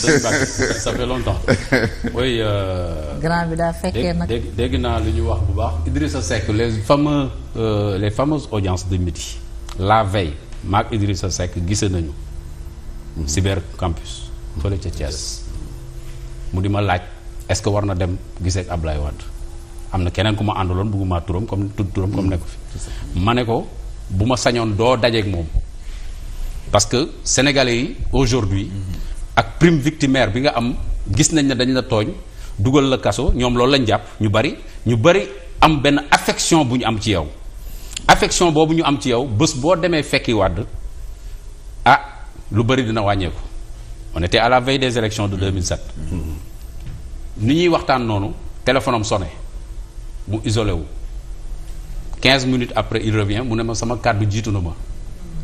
sëñ Mbacke ça fait longtemps. oui. Euh, grand bi daa fekkee nag dégg naa lu ñu wax bu baax. Idrissa Seck les fameux euh, les fameuses audiences de midi. la veille maag sa Seck gise nañu. cyber campus. fële ca Thiès. mu di ma laaj est-ce que war na dem gisee ak Ablaye Wade am na keneen ku ma àndaloon bëgguma turam comme tudd turam comme nekk fi. ma ne ko bu ma sañoon doo dajeeg moom. parce que sénégalais yi aujourd'hui ak prime victimaire bi nga am gis nañ ne dañ la tooñ dugal na kaso ñoom loolu lañ jàpp ñu bari ñu bari am benn affection bu ñu am ci yow affection boobu ñu am ci yow bés boo demee fekki wàdd ah lu bari dina wàññeeku on était à la veille des élections de 2007 ni ñuy waxtaan noonu téléphone am sonné mu isolé wu 15 minutes après il revient mu ne ma sama kàddu jiitu na ma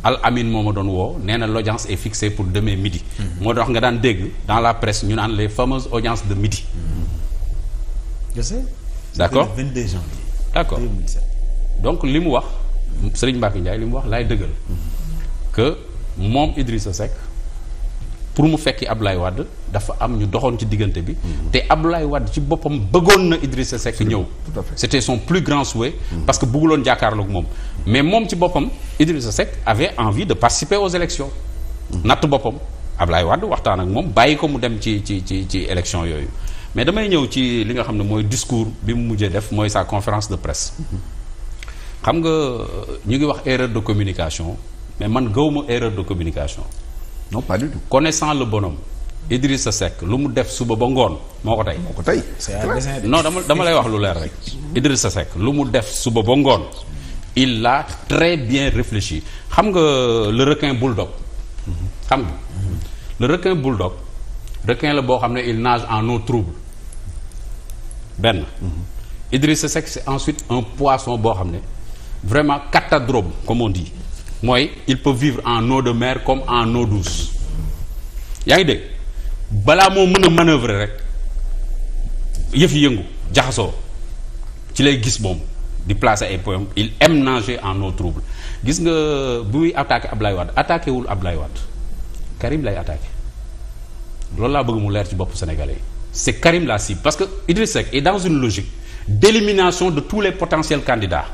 Al Amin moo ma doon woo nee na l' audience est pour demain midi. Mm-hmm. moo tax nga daan dégg dans la presse ñu naan les fameuses audiences de midi. Mm-hmm. je d' accord le d' accord 2007. donc li mu wax Serigne Mbacké Ndiaye li mu wax laay dëggal. Mm-hmm. que moom sa Seck. pour mu fekki Ablaye Wade dafa am ñu doxoon ci diggante bi. te Ablaye Wade ci boppam bëggoon na Idrissa Seck ñëw. tout à fait c'était son plus grand souhait. Mm. parce que bëgguloon jàkkaarloog moom. mais moom ci boppam Idrissa Seck avait envie de participer aux élections mm. natt boppam ablaay Wade waxtaan ak moom bàyyi ko mu dem ci ci ci ci élection yooyu. mais damay ñëw ci li nga xam ne mooy discours bi mu mujjee def mooy sa conférence de presse. Mm-hmm. xam nga ñu ngi wax erreur d communication mais man gëwuma erreur de communication. non pas du tout connaissant le bonhomme Idrissa Seck lu mu def suba ba ngoon moo ko tey. moo ko non dama dama lay wax lu leer rek sa sekk lu mu def suba ba ngoon il a très bien réfléchi xam nga le requin bulldog. xam nga le requin bulldog requin la boo xam ne il nage en eau trouble benn. sa Seck c'est ensuite un poisson boo xam ne vraiment catadrome comme yi mooy il peut vivre en eau de maire comme en eau douce yaa ngi de balaa moo mën a manœuvrer rek yëf yëngu jaxasoo ci lay gis moom di placer ay points il aime nager en eau trouble gis nga bu muy ab lay Wade attaqué wul Ablaye Wade Karim lay attaqué loolu laa bëgg mu leer ci bopp Sénégalais yi est Karim la cible parce que Idriss Seck est dans une logique d' de tous les potentiels candidats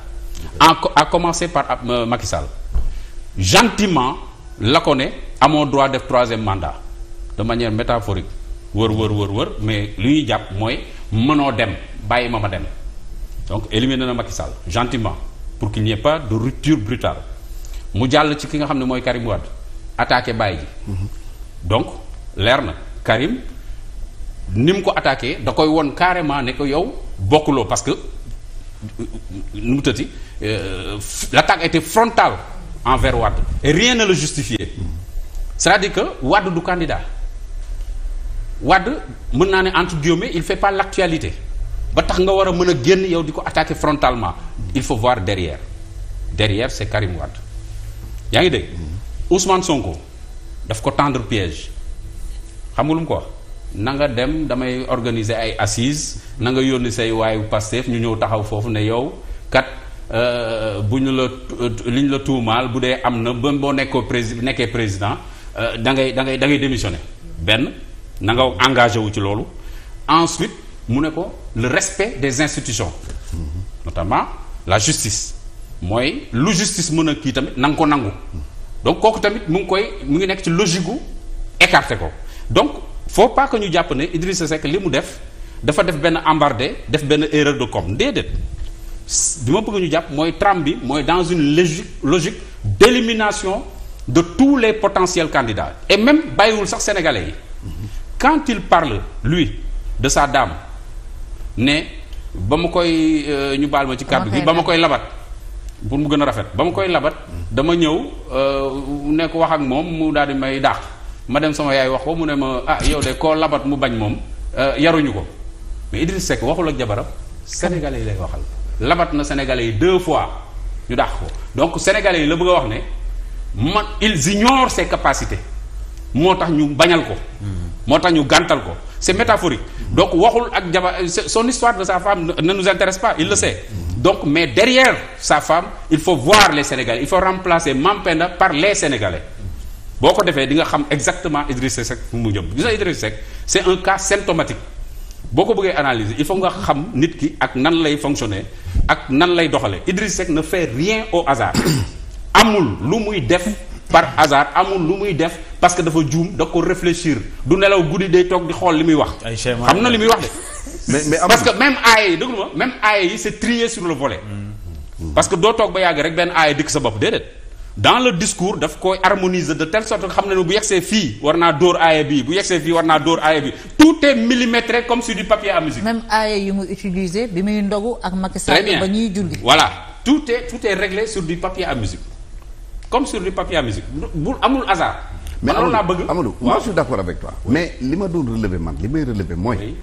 en à commencer par euh, Macky Sall gentiment la ko ne amoo droit def troisième mandat de manière métaphorique wër wër wër wër mais li ñuy jàpp mooy mënoo dem bàyyi ma ma dem donc éliminer na Macky Sall gentiment pour qu'il n'y ait pas de rupture brutale mu jàll ci ki nga xam ne mooy Karim Wade attaqué bàyyi ji donc leer na Karim ni ko attaqué da koy won carrément ne ko yow bokkuloo parce que euh, nu mu tëti euh, frontale envers Wade et rien ne le justifiait c'est-à-dire que Wade du candidat wadd mën naa ne entre guillemets il fait pas l'actualité ba tax nga war a mën a génn yow di ko attaque frontalement il faut voir derrière derrière c'est Karim Wade yaa ngi dégg mm-hmm. Ousmane Sonko daf ko tendre piège xam ko wax na nga dem damay organiser ay assises na nga yónni say waayu Pastef ñu ñëw taxaw foofu ne yow kat Euh, bu ñu la li ñu la tuumaal bu dee am na ba boo nekkoo prési nekkee président euh, da ngay da ngay da ngay benn nangaw nga engagé wu ci loolu ensuite mu ne ko le respect des institutions notamment la justice mooy lu justice mën a kii tamit na nga ko nangu donc kooku tamit mu ngi koy mu ngi nekk ci logique gu écarté ko donc faut pas que ñu jàpp ne Idrissa Seck li mu def dafa def benn embardé def benn erreur de com déedéet bi ma bëgg ñu jàpp mooy trame bi mooy dans une logique logique d'élimination de tous les potentiels candidats et même bàyyiwul sax sénégalais yi quand il parle lui de sa dame ne ba ma koy euh, ñu baal ma ci kàddu gi ba ma koy labat pour mu gën a rafet ba ma koy labat dama ñëw euh, nekk wax ak moom mu daal di may daax ma dem sama yaay wax ko mu ne ma ah yow de koo labat mu bañ moom euh, yaruñu ko mais Idriss Seck waxul ak jabaram sénégalais yi lay waxal labat na sénégalais yi deux fois ñu daax ko donc sénégalais yi la bëgg wax ne man ils ignorent ses capacité moo tax ñu bañal ko. moo tax ñu gàntal ko c'est métaphorique. donc waxul ak jaba son histoire de sa femme ne nous intéresse pas il le donc mais derrière sa femme il faut voir les sénégalais il faut remplacer Mame Penda par les sénégalais. boo ko defee di nga xam exactement Idrissa Seck fu mu jëm gis nga Idrissa c'est un cas symptomatique. boo ko bëggee analyser il faut nga xam nit ki ak nan lay fonctionner ak nan lay doxalee Idriss Seck ne fait rien au hasard amul lu muy def par hasard amul lu muy def parce que dafa juum da ko réfléchir du nelaw guddi day toog di xool li muy wax. xam na li muy wax de. mais mais parce que même aaye yi déglu ma même aaye yi c'est trié sur le volet. Mm. parce que doo toog ba yàgg rek benn aaye dikk sa bopp déedéet. dans le discours daf koy harmoniser de tell sorte que xam na ne bu yegsee fii war naa dóor aaye bi bu yegsee fii war naa dóor aaye bi est millimétré comme sur du papier à musique. même aaya yi mu utilisé bi muy ndogu ak Macky Sall ba ñuy julli. voilà tout est tout est réglé sur du papier à musique comme sur du papier à musique bu amul hasard. mais loolu laa bëgg Amadou moi je suis d'accord avec li ma doon relever man may relever mooy.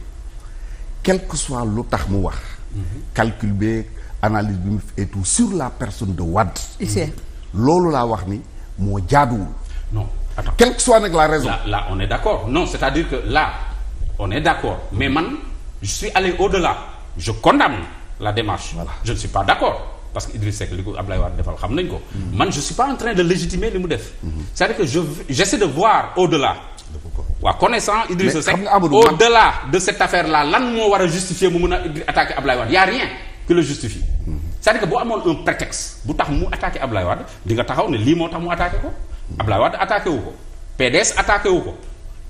quel que lu tax mu wax. Mhm. calcul beeg analyse bi mu et tout sur la personne de Wade. loolu laa wax ni moo jaaduwul. non soit nag la raison. là on est d'accord non c'est-à-dire que là. on est d'accord mais man je suis allé au-delà je condamne la démarche voilà. je ne suis pas d'accord parce que Idriss Seck li ko Ablaye Wade defal xam nañ ko mm-hmm. man je suis pas en train de légitimer li mu def mm-hmm. cest dire que je j'essaie de voir au-delà waaw connaissant Idriss Seck au-delà de cette affaire là lan moo war a justifier mu mën a attaquer Ablaye Wade y a rien qui le justifie mm-hmm. c'est-à-dire que boo amoon un bu tax mu attaquer Ablaye Wade di nga taxaw ne lii moo tax mu attaqué ko Ablaye Wade attaqué wu ko PDS attaqué wu ko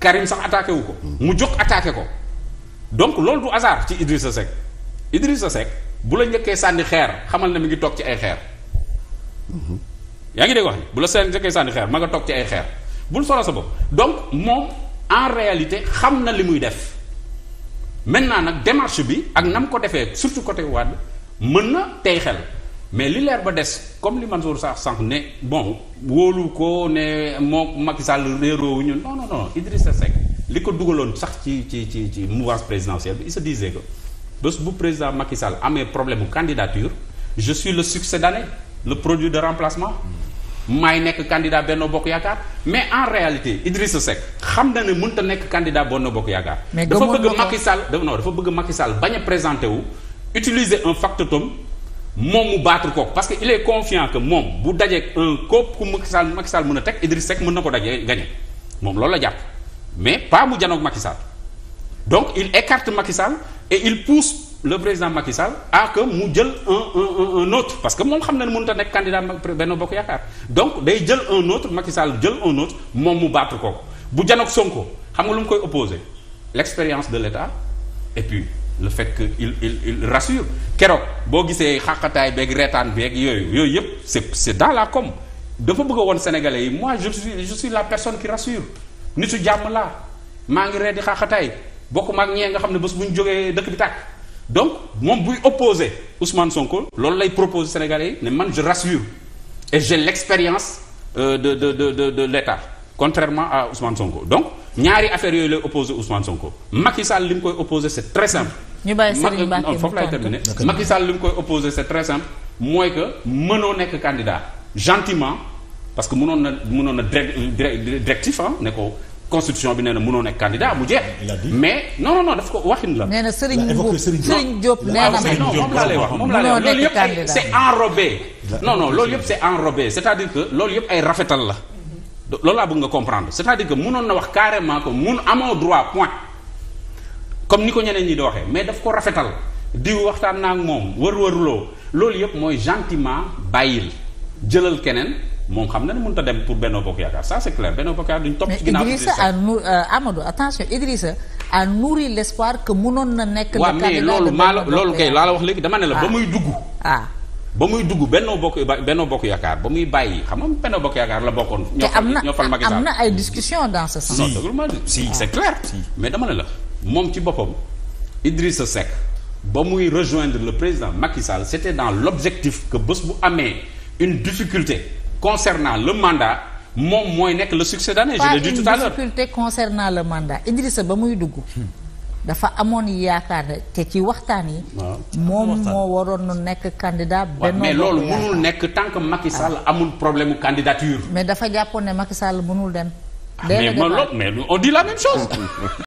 Karim sax attaqué wu ko. mu jox attaqué ko. donc loolu du hasard ci Idrissa Seck Idrissa Seck bu la njëkkee sànni xeer xamal na mi ngi toog ci ay xeer. yaa ngi dégg wax ni bu la seen njëkkee sànni xeer ma nga toog ci ay xeer bul solo sa bopp donc moom en réalité xam na li muy def maintenant nag démarché bi ak nam ko defee surtout côté Wade mën na tey xel. mais li leer ba des comme li Mansour sax sànq ne bon wóolu ko ne moo Macky Sall réeroo wu ñu non non non Idrissa Seck li ko dugaloon sax ci ci ci ci mouvance présidentielle bi il se disait que bés bu président Macky Sall amee problème mu candidature je suis le succédané le produit de remplacement maay nekk candidat Benno Bokk Yaakaar mais en réalité Idrissa sec xam na ne mun te nekk candidat Benno Bokk Yaakaar. dafa bëgg Macky Sall non dafa bëgg maki Sall bañ présenté wu utiliser un factotum. moom mu battre ko parce que il est confiant que moom bu dajeeg un koop ku Macky Sall Macky mën a teg Idriss Seck mën na ko daje gagné moom loolu la jàpp mais pas mu janoog Macky Sall donc il écarte Macky Sall et il pousse le président Macky Sall à que mu jël un un un autre parce que moom xam na ne mënut a nekk candidat Benno Bokk Yaakaar donc day jël un autre Macky Sall jël un autre moom mu battre ko bu janoog Sonko xam nga lu mu koy opposé l'expérience de l'État et puis. le fait que il il il rassure keroog boo gisee xàqataay beeg reetaan beeg yooyu yooyu yëpp c'est c'est dans la com dafa bëgg a woon sénégalais yi moi je suis je suis la personne qui rassure nitu jàmm la maa ngi ree di xàqataay bokk maag ñee nga xam ne bés bu ñu jogee dëkk bi tàkk donc moom buy opposé Ousmane Sonko loolu lay proposé sénégalais yi ne man je rassure et j'ai l'expérience euh, de de de de de l'État contrairement a Ousmane Sonko donc ñaari affaires yooyu lay opposé Ousmane Sonko Macky Sall li mu opposé c'est très simple ñu bàyyi Serigne Mbacké foofu laay terminer Macky Sall li mu koy opposé c'est très simple mooy que mënoo nekk candidat gentiment parce que mënoon na mënoon na directif ah ne ko constitution bi nee na mënoo nekk candidat mu jeex. mais no non non daf ko waxin la. nee na Serigne Mboup Serigne Diop moom laa lay wax moom laa lay wax loolu yëpp c'est enrobé. non non loolu yëpp c'est que loolu yëpp ay la. Mm-hmm. loolu laa bëgg nga comprendre mënoon na wax carrément que mun amoo droit point. comme ni ko ñeneen ñi di waxee mais daf ko rafetal diw waxtaan naa ak moom wër-wëruloo loolu yëpp mooy gentiment bàyyil jëlal keneen moom xam na ne mënut a dem pour Benno Bokk Yaakaar ça c'est Bokk Yaakaar duñ topp. ci ginnaaw mais Idrissa a nour euh, Amadou attention Idrissa a na nekk. le loolu maa la loolu kay laa la wax léegi dama ne la. ba ah. muy dugg. Ah. ba muy dugg Benno Bokk Benno Bokk Yaakaar ba muy bàyyi xam nga Bokk Yaakaar la bokkoon. ñoo fal Macky Sall te am na am na ay discussions si ah. c'est clair mais dama ne la. moom ci boppam Idrissa Seck ba muy rejoindre le président Macky Sall c'était dans l'objectif que bés bu amee une difficulté concernant le mandat moom mooy nekk le succédanaire je l'ai dit tout à l'heure pas une difficulté concernant le mandat Idrissa ba muy dugg dafa amoon yaakaar te ci waxtaan yi moom moo waroon na nekk candidat benn mais loolu mënul nekk tant que Sall amul problème candidature mais dafa jàppoon ne Macky Sall mënul dem ah, mais mais on dit la même